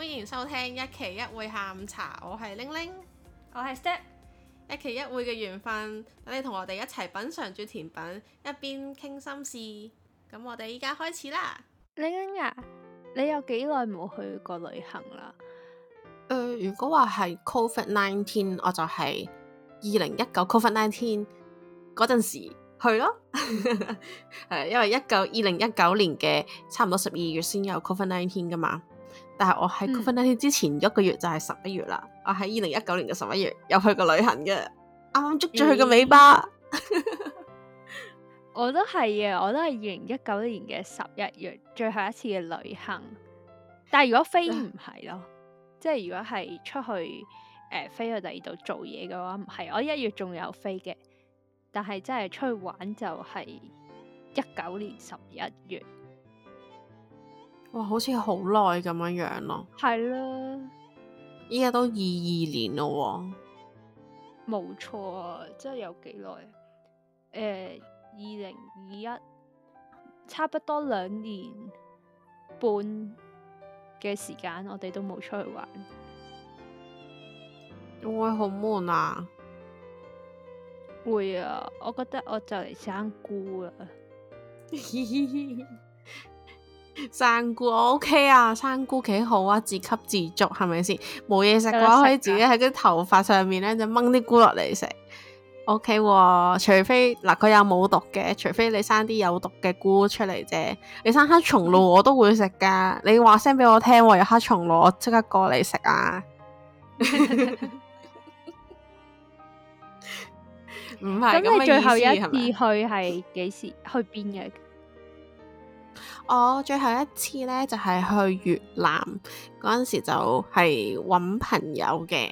歡迎收聽一期一會下午茶，我係玲玲，我係是 Step，一期一會嘅緣分，等你同我哋一齊品嘗住甜品，一邊傾心事。咁我哋依家開始啦，玲玲啊，你有幾耐冇去過旅行啦？誒、呃，如果話係 Covid nineteen，我就係二零一九 Covid nineteen 嗰陣時去咯， 因為一九二零一九年嘅差唔多十二月先有 Covid nineteen 噶嘛。但係我喺 COVID 之前一個月就係十一月啦，嗯、我喺二零一九年嘅十一月有去過旅行嘅，啱啱捉住佢個尾巴。嗯、 我都係嘅，我都係二零一九年嘅十一月最後一次嘅旅行。但係如果飛唔係咯， 即係如果係出去誒、呃、飛去第二度做嘢嘅話，唔係我一月仲有飛嘅，但係真係出去玩就係一九年十一月。哇，好似好耐咁樣樣咯、啊，係啦了，依家都二二年咯、哦，冇錯、啊，即係有幾耐、啊？誒、欸，二零二一，差唔多兩年半嘅時間，我哋都冇出去玩，會好悶啊！會啊，我覺得我就嚟生菇啊！ 生菇 OK 啊，生菇幾好啊，自給自足係咪先？冇嘢食嘅話，可以自己喺啲頭髮上面咧就掹啲菇落嚟食。OK 喎，除非，嗱，佢啊，有冇毒嘅，除非你生啲有毒嘅菇出嚟啫。你生黑松露我都會食噶，你話聲俾我聽，有黑松露我即刻過嚟食啊。唔係，咁你最後一次，係咪？最後一次去係幾時？去邊嘅？我最後一次呢，就係、是、去越南嗰陣時就係揾朋友嘅，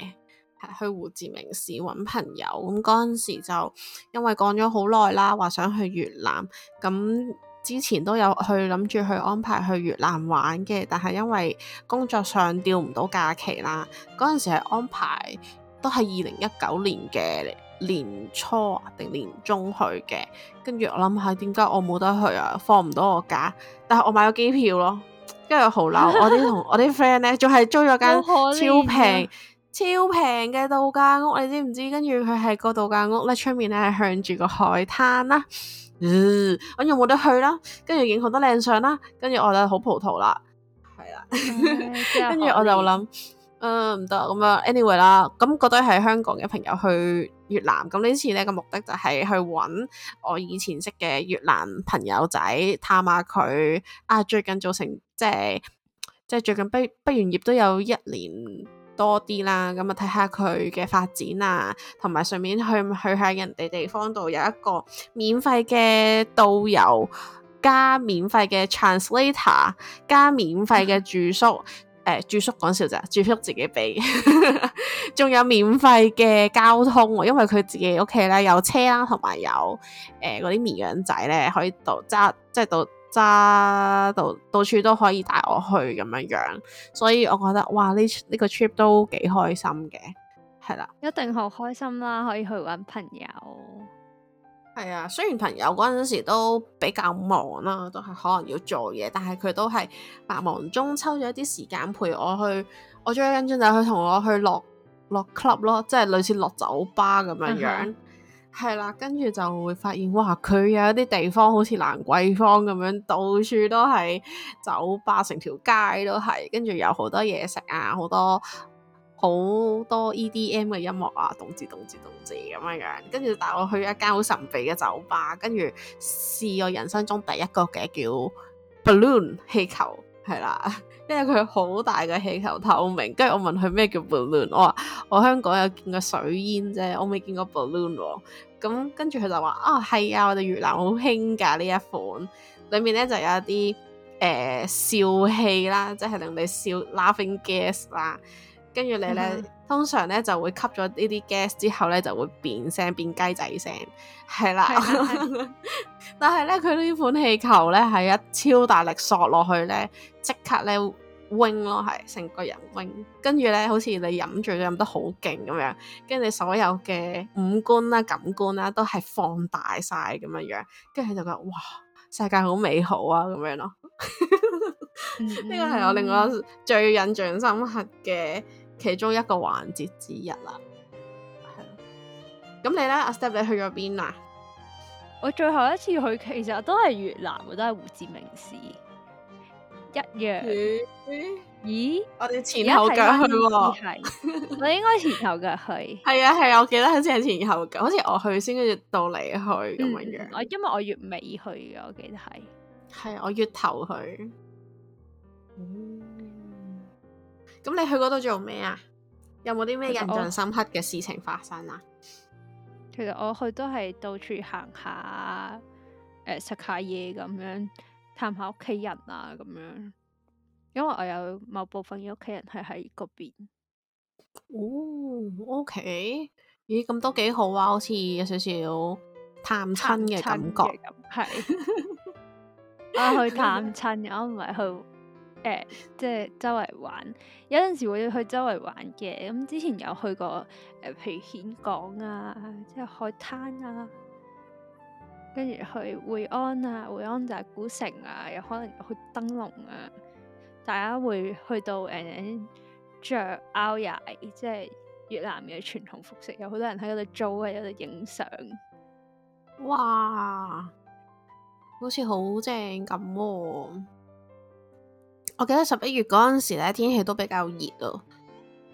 去胡志明市揾朋友。咁嗰陣時就因為講咗好耐啦，話想去越南。咁之前都有去諗住去安排去越南玩嘅，但係因為工作上調唔到假期啦。嗰陣時係安排都係二零一九年嘅。年初定年中去嘅，跟住我諗下點解我冇得去啊？放唔到我假，但係我買咗機票咯，跟住好嬲。我啲同我啲 friend 咧，仲係租咗間超平超平嘅度假屋，你知唔知？跟住佢係個度假屋咧，出面咧係向住個海灘啦。嗯，我又冇得去啦，跟住影好多靚相啦，跟住我就好葡萄啦。係、 呃、啦，跟住我就諗，嗯，唔得咁樣。anyway 啦，咁覺得係香港嘅朋友去。越南，咁呢次呢個目的就係去揾我以前識嘅越南朋友仔探下佢啊。最近造成即係即係最近畢畢完業都有一年多啲啦，咁啊睇下佢嘅發展啊，同埋順便去去下人哋地方度，有一個免費嘅導遊加免費嘅 translator 加免費嘅住宿。嗯誒、欸，住宿講笑咋？住宿自己俾，仲 有免費嘅交通，因為佢自己屋企咧有車啦，同埋有誒嗰啲綿羊仔咧，可以到揸，即係到揸到到處都可以帶我去咁樣樣，所以我覺得哇，呢呢、呢個 trip 都幾開心嘅，係啦，一定好開心啦，可以去搵朋友。係啊，雖然朋友嗰陣時都比較忙啦、啊，都係可能要做嘢，但係佢都係百忙中抽咗一啲時間陪我去。我最有印象就係佢同我去落落 club 咯，即係類似落酒吧咁樣樣。係啦、嗯哼啊，跟住就會發現哇，佢有一啲地方好似蘭桂坊咁樣，到處都係酒吧，成條街都係。跟住有好多嘢食啊，好多。好多 EDM 嘅音樂啊，動字動字動字咁樣樣，跟住帶我去一間好神秘嘅酒吧，跟住試過我人生中第一個嘅叫 balloon 氣球，係啦， 因為佢好大嘅氣球透明，跟住我問佢咩叫 balloon，我話我香港有見過水煙啫，我未見過 balloon 喎，咁跟住佢就話啊係啊，嗯、啊我哋越南好興㗎呢一款，裡面咧就有一啲誒、呃、笑氣啦，即係令你笑 laughing gas 啦。跟住你咧，通常咧就會吸咗呢啲 gas 之後咧，就會變聲變雞仔聲，係啦。但係咧，佢呢款氣球咧係一超大力索落去咧，即刻咧 wing 咯，係成個人 wing。跟住咧，好似你飲醉咗飲得好勁咁樣，跟住你所有嘅五官啦、感官啦，都係放大晒咁樣樣。跟住佢就覺得哇，世界好美好啊咁樣咯。呢 個係我令我最印象深刻嘅其中一個環節之一啦。係咁你咧，阿 Step 你去咗邊啊？我最後一次去其實都係越南，我都係胡志明市，一樣。咦、嗯？嗯、我哋前後腳去，我應該前後腳去。 係啊係啊，我記得好似係前後腳，好似我去先跟住到你去咁樣樣。我、嗯、因為我月尾去嘅，我記得係。係啊，我月頭去。咁、嗯嗯、你去嗰度做咩啊？有冇啲咩印象深刻嘅事情發生啊？其實我去都係到處行下、呃、，食下嘢咁樣，探下屋企人啊咁樣。因為我有某部分嘅屋企人係喺嗰邊。哦，OK，咦咁都幾好啊，好似有少少探親嘅感覺。係，我、 啊、去探親， 我唔係去。誒、欸，即係周圍玩，有陣時會去周圍玩嘅。咁、嗯、之前有去過誒、呃，譬如峴港啊，即係海灘啊，跟住去惠安啊，惠安就係古城啊，有可能有去燈籠啊。大家會去到誒着奧黛即係越南嘅傳統服飾，有好多人喺嗰度租，啊，有度影相。哇，好似好正咁喎！我記得十一月嗰陣時咧，天氣都比較熱咯，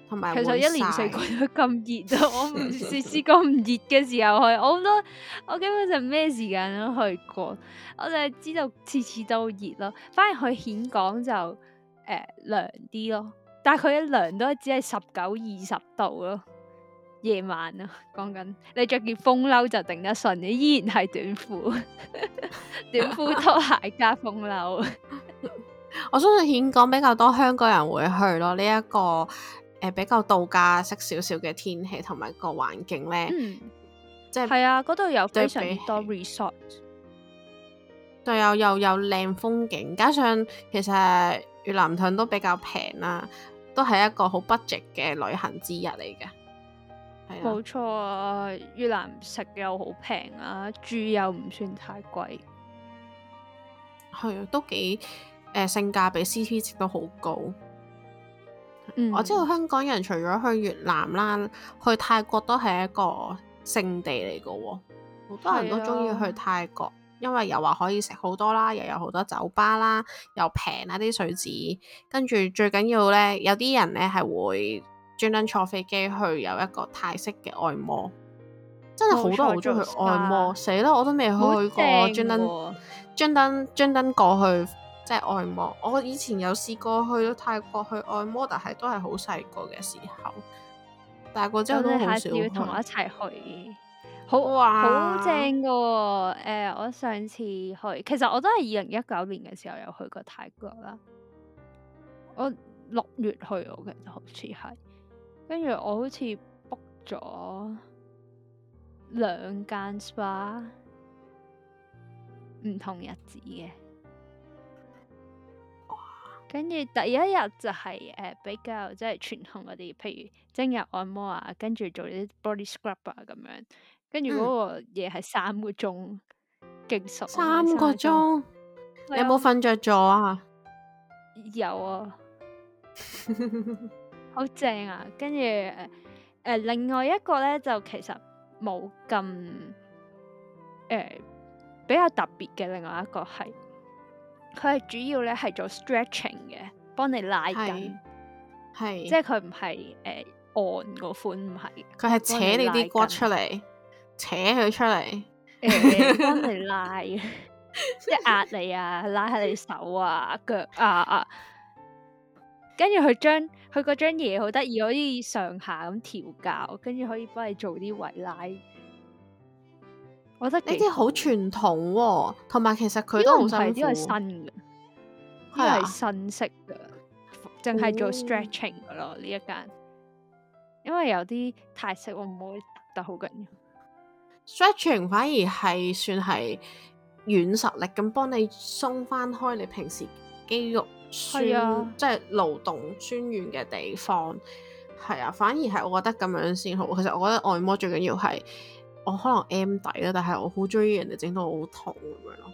同埋其實一年四季都咁熱，我唔試試過唔熱嘅時候去，我都我基本上咩時間都去過，我就係知道次次都熱咯。反而去峴港就誒、呃、涼啲咯，但係佢一涼都只係十九二十度咯。夜晚啊，講緊你着件風褸就頂得順，你依然係短褲、 短褲拖鞋加風褸。 我相信香港比較多香港人會去咯，呢、這、一個誒、呃、比較度假式少少嘅天氣同埋個環境咧，嗯、即係是係啊，嗰度有非常多 resort，又有又有靚風景，加上其實越南盾都比較平啦，啊，都係一個好 budget 嘅旅行之一嚟嘅。係啊，冇錯啊，越南食又好平啊，住又唔算太貴，係啊，都幾～誒、呃、性價比 C P 值都好高。嗯、我知道香港人除咗去越南啦，去泰國都係一個聖地嚟嘅喎。好、啊、多人都中意去泰國，因為又話可以食好多啦，又有好多酒吧啦，又平啊啲水紙。跟住最緊要呢，有啲人呢係會專登坐飛機去有一個泰式嘅按摩，真係好多人中意去按摩死啦！我都未去過，專登專登專登過去。即係按摩，我以前有試過去泰國去按摩，但係都係好細個嘅時候。大個之後都好少要同我一齊去，好哇好正㗎，哦。誒、呃，我上次去，其實我都係二零一九年嘅時候有去過泰國啦。我六月去，我記得好似係，跟住我好似 book 咗兩間 spa 唔同日子嘅。跟住第一日就係、是、誒、呃、比較即係傳統嗰啲，譬如精油按摩啊，跟住做啲 body scrub 啊咁樣。跟住嗰個嘢係三個鐘，勁、嗯、熟三個鐘，個鐘你有冇瞓着咗啊？有啊， 好正啊！跟住誒誒，另外一個咧就其實冇咁誒比較特別嘅，另外一個係。佢係主要咧係做 stretching 嘅，幫你拉筋，係，即係佢唔係誒按個款，唔係，佢係佢係扯你啲骨出嚟，扯佢出嚟，誒幫、欸、你拉， 即係壓你啊，拉下你手啊、腳啊啊啊，跟住佢將佢嗰張嘢好得意，可以上下咁調教，跟住可以幫你做啲位拉。我覺得呢啲好傳統、哦，同埋其實佢都好辛苦。呢個唔係，這個、新嘅係新式嘅，淨係、啊、做 stretching 噶咯呢、哦、一間，因為有啲泰式我唔會搭得好緊要。stretching 反而係算係軟實力，咁幫你鬆翻開你平時肌肉酸，啊、即係勞動酸軟嘅地方。係啊，反而係我覺得咁樣先好。其實我覺得按摩最緊要係。我可能 M 底啦，但係我好中意人哋整到好痛咁樣咯，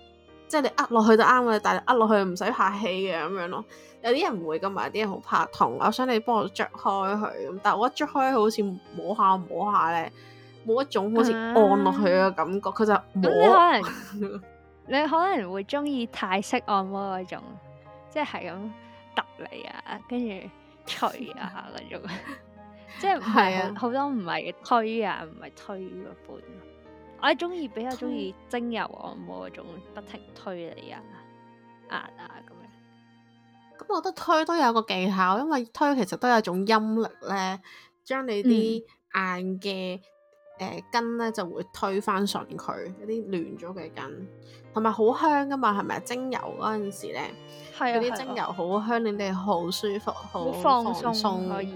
即係你握落去就啱啦，但係握落去唔使客氣嘅咁樣咯。有啲人唔會噶嘛，有啲人好怕痛。我想你幫我着開佢，但係我一着開佢好似摸下摸下咧，冇一,一種好似按落去嘅感覺，佢、啊、就摸。你可能 你可能會中意泰式按摩嗰種，即係係咁揼你啊，跟住捶啊嗰種。 即係唔係好多唔係推啊，唔係推嗰、啊、半。我中意比較中意精油按摩嗰種，不停推你啊，壓啊咁樣。咁、嗯、我覺得推都有個技巧，因為推其實都有一種音力咧，將你啲硬嘅誒筋咧就會推返順佢一啲亂咗嘅筋，同埋好香噶嘛，係咪？精油嗰陣時咧，嗰啲、啊、精油好香，啊啊、你哋好舒服，好放鬆可以。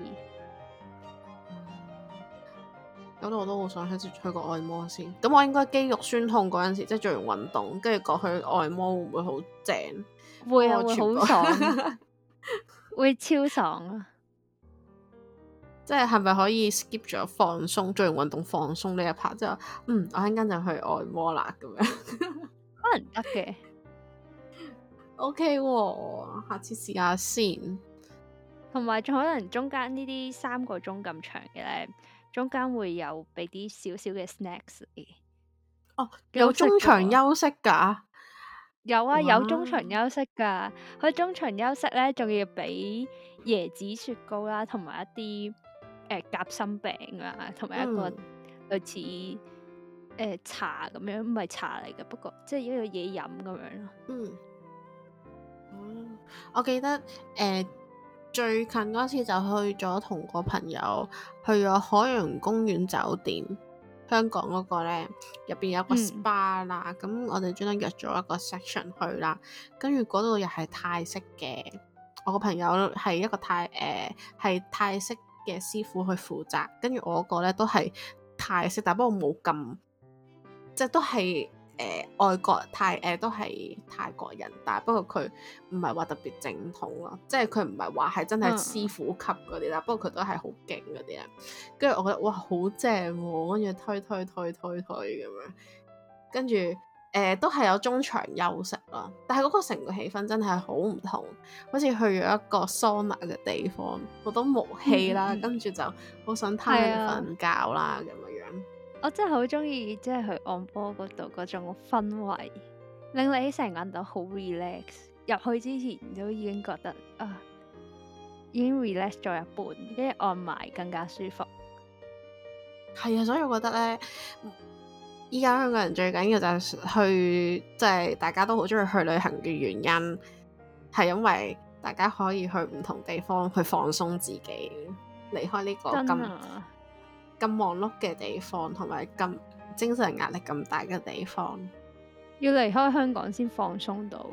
咁我都好想去去個按摩先。咁我應該肌肉酸痛嗰陣時，即係做完運動，跟住過去按摩會唔會好正？會啊，會好爽，啊， 會超爽啊！即係係咪可以 skip 咗放鬆，做完運動放鬆呢一 part 之後，嗯，我陣間就去按摩啦咁樣， 可能得嘅。O、okay、K，、哦、下次試下先。同埋仲可能中間呢啲三個鐘咁長嘅咧。中間會有俾啲少少嘅 snacks，哦，有中場休息噶，有啊，哇有中場休息噶。佢中場休息咧，仲要俾椰子雪糕啦，同埋一啲誒夾心餅啊，同埋一個類似誒、嗯呃、茶咁樣，唔係茶嚟嘅，不過即係、就是、一個嘢飲咁樣咯。嗯，嗯嗯我記得誒。呃最近嗰次就去咗同個朋友去咗海洋公園酒店，香港嗰個咧入邊有個 SPA 啦，嗯，咁我哋專登約咗一個 section 去啦，跟住嗰度又係泰式嘅，我個朋友係一個泰誒係、呃、泰式嘅師傅去負責，跟住我個咧都係泰式，但不過冇咁即係都係。誒外、呃、國泰誒、呃、都係泰國人，但不過佢唔係話特別正統咯，即係佢唔係話係真係師傅級嗰啲啦，嗯、不過佢都係好勁嗰啲啊。跟住我覺得哇，好正喎！跟住推推推推推咁樣，跟住誒都係有中場休息啦，但係嗰個成個氣氛真係好唔同，好似去咗一個桑拿嘅地方，好多霧氣啦，嗯、跟住就好想攤去瞓覺啦咁樣。嗯嗯。我真係好中意，即係去按摩嗰度嗰種氛圍，令你成個人都好 relax。入去之前都已經覺得啊，已經 relax 咗一半，跟住按埋更加舒服。係啊，所以我覺得咧，依家、嗯、香港人最緊要就係去，即、就、係、係、大家都好中意去旅行嘅原因，係因為大家可以去唔同地方去放鬆自己，離開呢個今咁忙碌嘅地方，同埋咁精神壓力咁大嘅地方，要離開香港先放鬆到。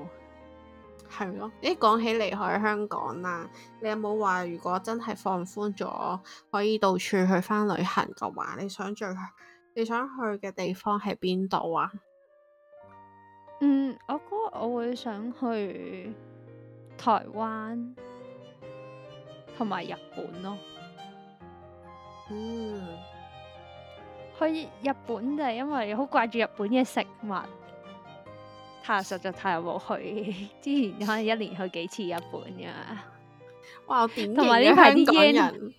係咯，咦？講起離開香港啦，你有冇話如果真係放寬咗，可以到處去返旅行嘅話，你想去你想去嘅地方係邊度啊？嗯，我覺得我會想去台灣同埋日本咯。嗯，去日本就係因為好掛住日本嘅食物，太實在太冇去。之前可能一年去幾次日本嘅。哇！我典型嘅香港人，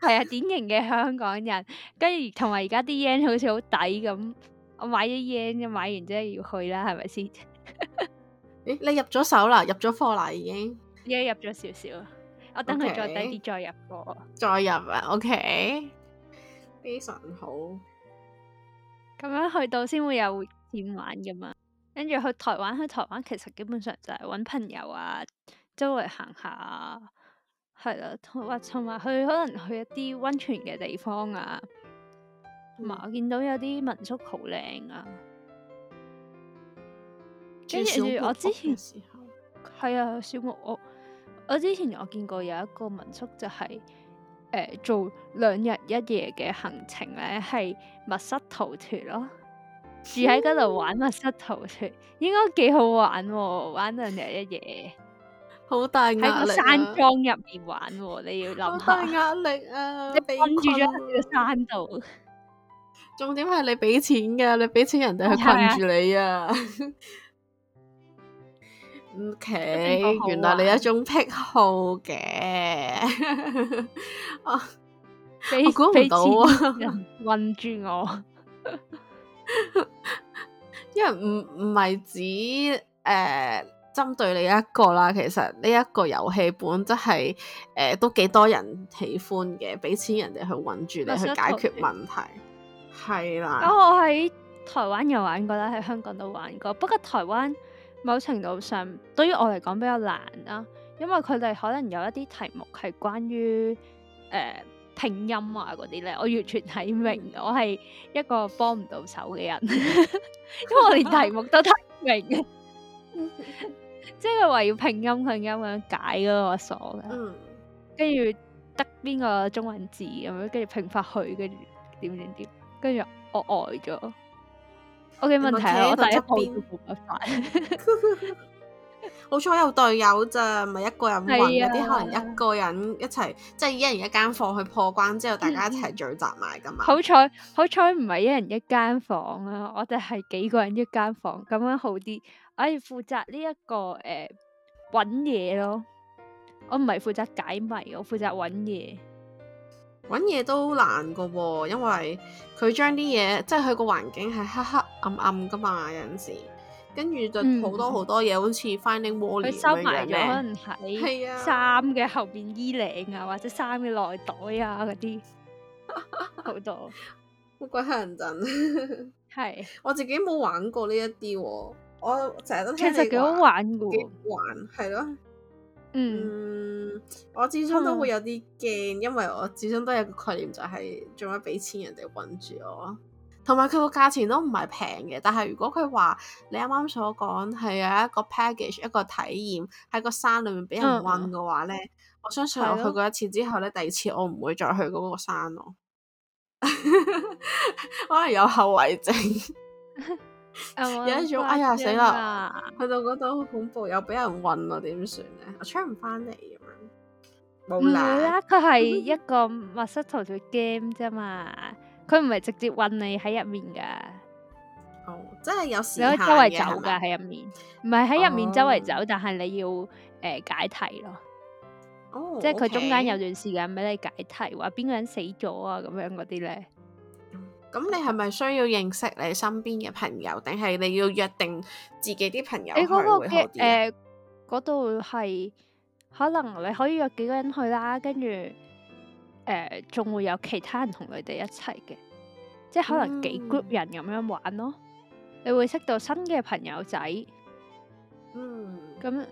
係 啊，典型嘅香港人。跟住同埋而家啲 yen 好似好抵咁，我買咗 yen 買完之後要去啦，係咪先？誒、 欸，你入咗手啦，入咗貨啦，已經，而家入咗少少。我等佢再低啲再入波，再入啊！OK，非常好。咁樣去到先會有點玩噶嘛？跟住去台灣，去台灣其實基本上就係搵朋友啊，周圍行下、啊，係啦、啊，同埋同埋去可能去一啲温泉嘅地方啊。同埋、嗯、我見到有啲民宿好靚啊，跟住時候我之前係啊，小木屋。我之前我見過有一個民宿就係、是、誒、呃、做兩日一夜嘅行程咧，係密室逃脱咯，住喺嗰度玩密室逃脱，應該幾好玩，玩兩日一夜，好大壓力喺、啊、個山莊入面玩，你要諗下壓力啊，困你困住咗喺個山度，重點係你俾錢噶，你俾錢人哋去困住你啊。 O Okay , K，原來你有種癖好嘅，我估唔到啊！ 人困住我， 因為唔唔係只誒針對你一個啦。其實呢一個遊戲本真係誒都幾多人喜歡嘅，俾錢人哋去困住你去解決問題，係啦。啊，我喺台灣又玩過啦，喺香港都玩過，不過台灣。某程度上，對於我嚟講比較難啦、啊，因為佢哋可能有一啲題目係關於誒、呃、拼音啊嗰啲咧，我完全睇唔明，嗯、我係一個幫唔到手嘅人， 因為我連題目都睇唔明嘅，即係佢話要拼音拼音咁解嗰個鎖嘅，跟住、嗯、得邊個中文字咁樣，跟住拼翻佢，跟住點點點，跟住我呆咗。我嘅 Okay, 問題係、啊、我第一執好彩有隊友咋，唔係一個人搵有啲，可能 一個人一齊，即係 一人一間房去破關之後，嗯、大家一齊聚集埋噶嘛。好彩好彩唔係一人一間房啊。我哋係幾個人一間房，咁樣好啲。我要負責呢、這、一個誒搵嘢咯，我唔係負責解謎，我負責搵嘢。搵嘢都難㗎喎、哦，因為佢將啲嘢，即係佢個環境係黑黑暗暗噶嘛，有陣時，跟住就好多好多嘢，好似 finding wall 佢收埋咗，麼可能喺衫嘅後面衣領啊，啊或者衫嘅內袋啊嗰啲，好 多好鬼乞人憎。係討， 是我自己冇玩過呢一啲，我成日都聽其實幾好玩嘅， 玩係咯。嗯，我始終都會有啲驚，嗯、因為我始終都有個概念就係、是，做乜俾錢人哋韞住我，同埋佢個價錢都唔係平嘅。但係如果佢話你啱啱所講係有一個 package 一個體驗喺個山裏面俾人韞嘅話咧，嗯嗯，我相信我去過一次之後咧，的第二次我唔會再去嗰個山咯， 可能有後遺症。 有一種哎呀死啦，去到嗰度好恐怖，又俾人困咯，點算咧？我出唔翻嚟咁樣，唔會啦。佢係一個密室逃脫 game 啫嘛，佢唔係直接困你喺入面噶。哦，即係有時你可以周圍走噶喺入面，唔係喺入面周圍走，但係你要誒解題咯。哦，即係佢中間有段時間俾你解題，話邊個人死咗啊，咁樣嗰啲咧。咁你係咪需要認識你身邊嘅朋友，定係你要約定自己啲朋友你、嗰個、會好啲？誒、呃，嗰度係可能你可以約幾個人去啦，跟住誒仲會有其他人同你哋一齊嘅，即係可能幾 group 人咁樣玩咯。嗯、你會識到新嘅朋友仔，嗯，咁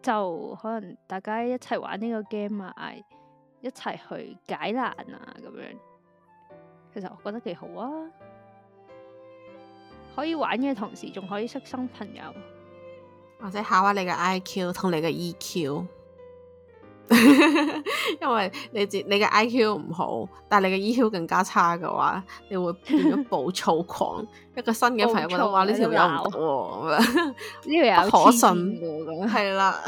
就可能大家一齊玩呢個 game 啊，一齊去解難啊，咁樣。其實我覺得幾好啊，可以玩嘅同時仲可以識新朋友，或者考下你嘅 I Q 同你嘅 E Q， 因為你自你嘅 I Q 唔好，但係你嘅 E Q 更加差嘅話，你會變咗暴躁狂， 一個新嘅朋友話呢條友唔得，呢條燥 有可信嘅，係啦，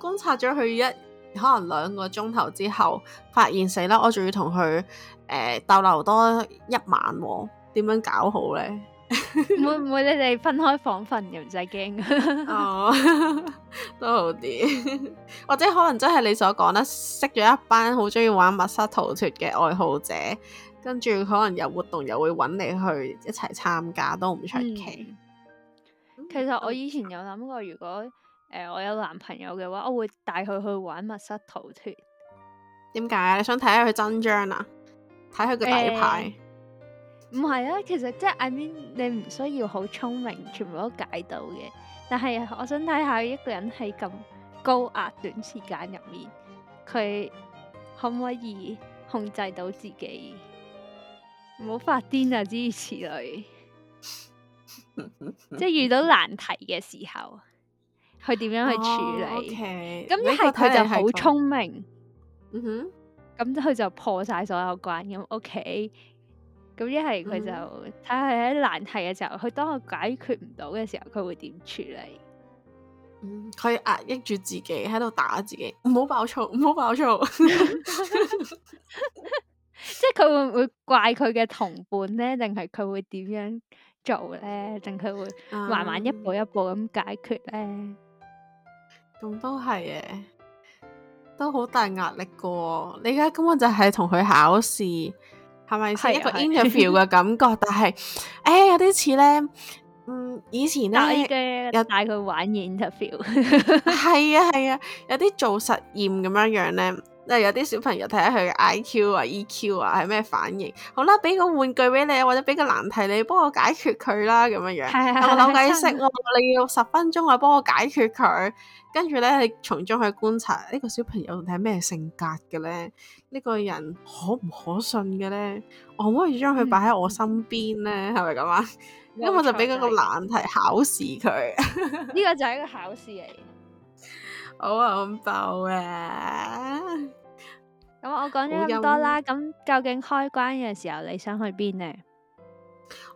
觀、 嗯、 察咗佢一。可能兩個鐘頭之後發現死啦，我仲要同佢誒逗留多一晚、哦，點樣搞好咧？ 會唔會你哋分開房瞓又唔使驚？ 哦， 都好啲一。 或者可能真係你所講咧，識咗一班好中意玩密室逃脱嘅愛好者，跟住可能有活動又會揾你去一齊參加，都唔出奇、嗯。其實我以前有諗過，如果。誒、呃，我有男朋友嘅話，我會帶佢去玩密室逃脫。點解？你想睇下，佢真章啊，睇佢個底牌。唔係、呃、啊，其實即係 I mean，你唔需要好聰明，全部都解到嘅。但係我想睇下一個人喺咁高壓短時間入面，佢可唔可以控制到自己，唔好發癲啊之類。 即係遇到難題嘅時候。佢點樣去處理？咁一係佢就好聰明，哼，咁 佢就破晒所有關。咁 OK，咁一係佢就睇下佢喺難題嘅時候，佢、嗯、當佢解決唔到嘅時候，佢會點處理？佢壓、嗯、抑住自己喺度打自己，唔好暴躁，唔好暴躁。即係佢會唔會怪佢嘅同伴咧？定係佢會點樣做咧？定佢會慢慢一步一步咁解決咧？嗯咁都係嘅，都好大壓力噶、喔。你而家根本就係同佢考試，係咪係一個 interview 嘅感覺？ 但係，誒、欸，有啲似咧，嗯，以前咧，帶他有帶佢玩 interview，係 啊係啊，啊，有啲做實驗咁樣樣咧。即係有啲小朋友睇下佢嘅 I.Q. 啊、E.Q. 啊係咩反應，好啦，俾個玩具俾你，或者俾個難題你幫我解決佢啦，咁樣樣，我諗解釋我，你要十分鐘去幫我解決佢，跟住咧，從中去觀察呢個小朋友係咩性格嘅咧，呢個人可唔可信嘅咧，我可唔可以將佢擺喺我身邊咧？係咪咁啊？咁我就俾嗰個難題考試佢，呢個就係一個考試嚟。好恐怖啊！咁、嗯、我講咗咁多啦，咁究竟開關嘅時候你想去邊呢？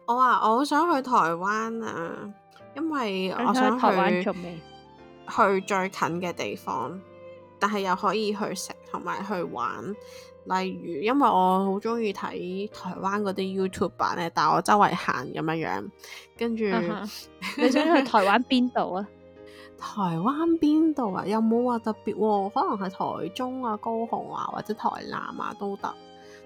我話我好想去台灣啊，因為我想去，你想去台灣做咩？去最近嘅地方，但係又可以去食同埋去玩。例如，因為我好中意睇台灣嗰啲 YouTube 版，但我周圍行咁樣樣。跟住 你想去台灣邊度啊？ 台灣邊度啊？又有冇話特別、啊？可能係台中啊、高雄啊或者台南啊都得。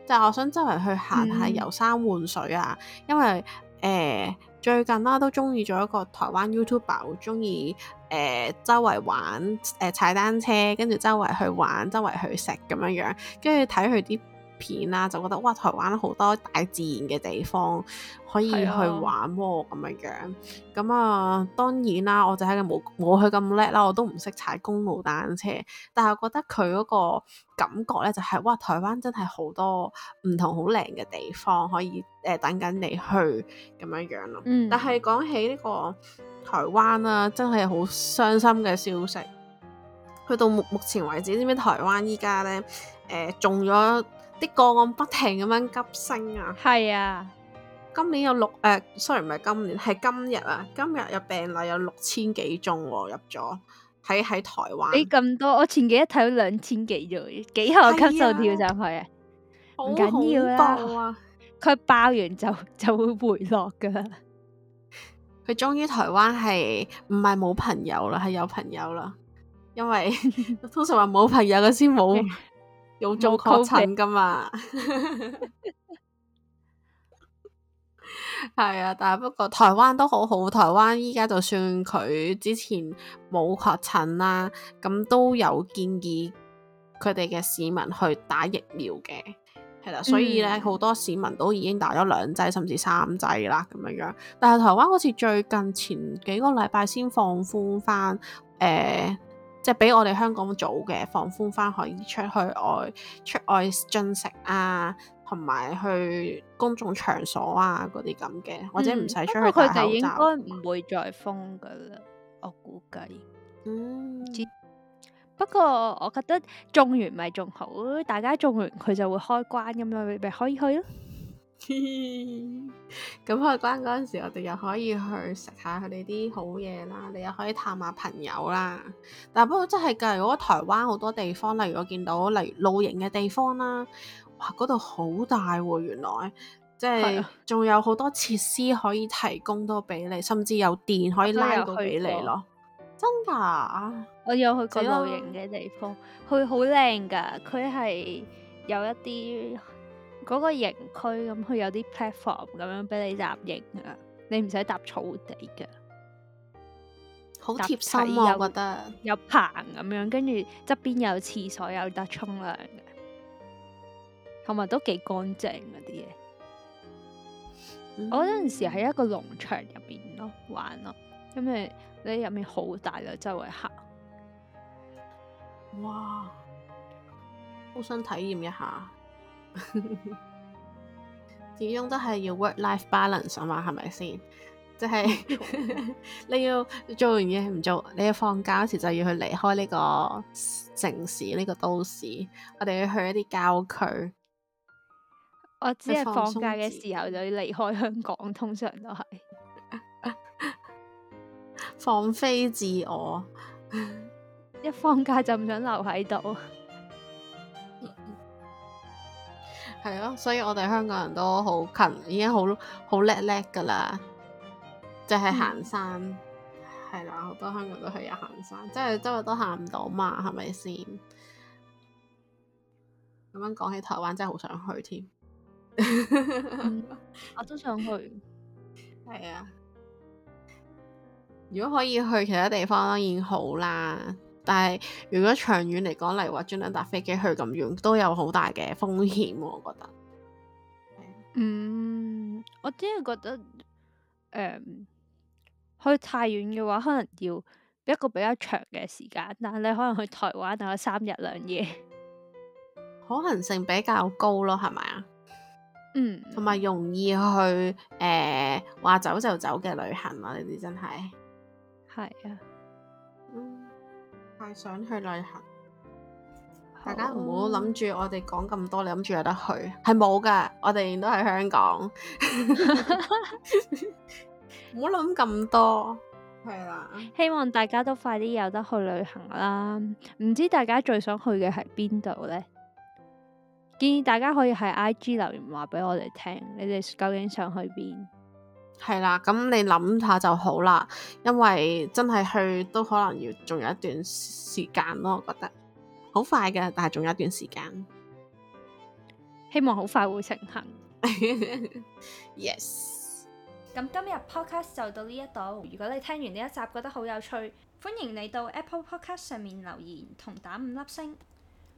就係、是、我想周圍去行下、遊山玩水啊，嗯、因為誒、呃、最近啦、啊、都中意咗一個台灣 YouTuber，好中意誒、呃、周圍玩、誒、呃、踩單車，跟住周圍去玩、周圍去食咁樣樣，跟住睇佢啲片啦，就覺得哇，台灣好多大自然嘅地方可以去玩喎，咁的樣樣。咁、嗯、啊，當然啦，我就係冇冇去咁叻啦，我都唔識踩公路單車，但係我覺得佢嗰個感覺咧、就是，就係哇，台灣真係好多唔同好靚嘅地方可以誒、呃、等緊你去咁樣樣咯。嗯、但係講起呢個台灣啦、啊，真係好傷心嘅消息。去到目目前為止，知唔知台灣依家咧誒中咗？啲個案不停咁樣急升啊！係啊，今年有六誒，雖然唔係今年，係今日啊，今日有病例有六千幾宗入咗喺喺台灣。你咁多，我前幾日睇到兩千幾啫，幾何級數跳上去啊！好緊要啊！佢爆完就就會回落噶。佢終於台灣係唔係冇朋友啦，係有朋友啦，因為通常話冇朋友嘅先冇。要做確診噶嘛？係 啊，但係不過台灣都好好，台灣依家就算佢之前冇確診啦，咁都有建議佢哋嘅市民去打疫苗嘅，係啦、啊，所以咧好、嗯、多市民都已經打咗兩劑，甚至三劑啦，咁樣樣。但係台灣好似最近前幾個禮拜先放寬翻，誒、呃。即係比我哋香港早嘅，放寬翻可以出去外出去外進食啊，同埋去公眾場所啊嗰啲咁嘅，嗯、或者唔使出去戴口罩。不過佢哋應該唔會再封噶啦，我估計。嗯，道不過我覺得種完咪仲好，大家種完佢就會開關咁樣，咪可以去咯。嘻嘻，咁去、 嗯、關嗰陣時，我哋又可以去食下佢哋啲好嘢啦，你又可以探下朋友啦。但不過真係，例如我台灣好多地方，例如我見到，例如露營嘅地方啦，哇，嗰度好大喎、啊！原來即係仲、啊、有好多設施可以提供到俾你，甚至有電可以拉到俾你咯。真噶的，我有去過露營嘅地方，佢好靚噶，佢係有一啲。嗰個營區咁，佢、嗯、有啲 platform 咁樣俾你搭營啊，你唔使搭草地嘅，好貼心啊！我覺得有棚咁樣，跟住側邊有廁所，有得沖涼嘅，同埋都幾乾淨嗰啲嘢。嗯、我嗰陣時喺一個農場入邊咯玩咯，因為你入面好大啦，就周圍行。哇！好想體驗一下～ 始終都係要 work-life balance 嘛、right? 就係，係咪先？就係你要做完嘢唔做，你要放假嗰時就要去離開呢個城市，呢、呢個都市，我哋要去一啲郊區。我只係放假嘅時候就要離開香港，通常都係 放飛自我， 一放假就唔想留喺度。係咯，所以我哋香港人都好勤，已經好好叻叻噶啦，就係行山，係啦， 好多香港人都係有行山，即係周日都行唔到嘛，係咪先？咁樣講起台灣真係好想去添、 嗯，我都想去，係 啊，如果可以去其他地方，當然好啦。但係，如果長遠嚟講，例如話專登搭飛機去咁遠，都有好大嘅風險。我覺得，嗯，我只係覺得，誒、嗯，去太遠嘅話，可能要一個比較長嘅時間。但係你可能去台灣，等咗三日兩夜，可能性比較高咯，係咪啊？嗯，同埋容易去誒話、呃、走就走嘅旅行你啊！呢啲真係係啊，係想去旅行，好大家唔好諗住我哋講咁多，你諗住有得去，係冇噶。我哋都係香港，唔好諗咁多係啦。希望大家都快啲有得去旅行啦。唔知大家最想去嘅係邊度呢？建議大家可以喺 IG 留言話俾我哋聽，你哋究竟想去邊？係啦，咁你諗下就好啦，因為真係去都可能要仲有一段時間咯，我覺得好快嘅，但係仲有一段時間，希望好快會成行。 Yes，咁今日 Podcast 就到呢一度。如果你聽完呢一集覺得好有趣，歡迎你到 Apple Podcast 上面留言同打五粒星。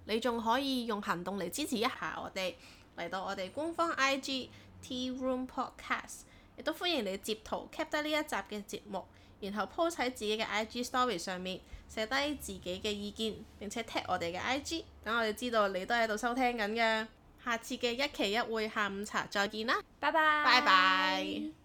你仲可以用行動嚟支持一下我哋，嚟到我哋官方 IG Tea Room Podcast。亦都歡迎你截圖，cap 低呢一集嘅節目，然後 po 喺自己嘅 IG story 上面，寫低自己嘅意見，並且 tag 我哋嘅 IG，等我哋知道你都喺度收聽緊嘅。下次嘅一期一會下午茶，再見啦，拜拜，拜拜。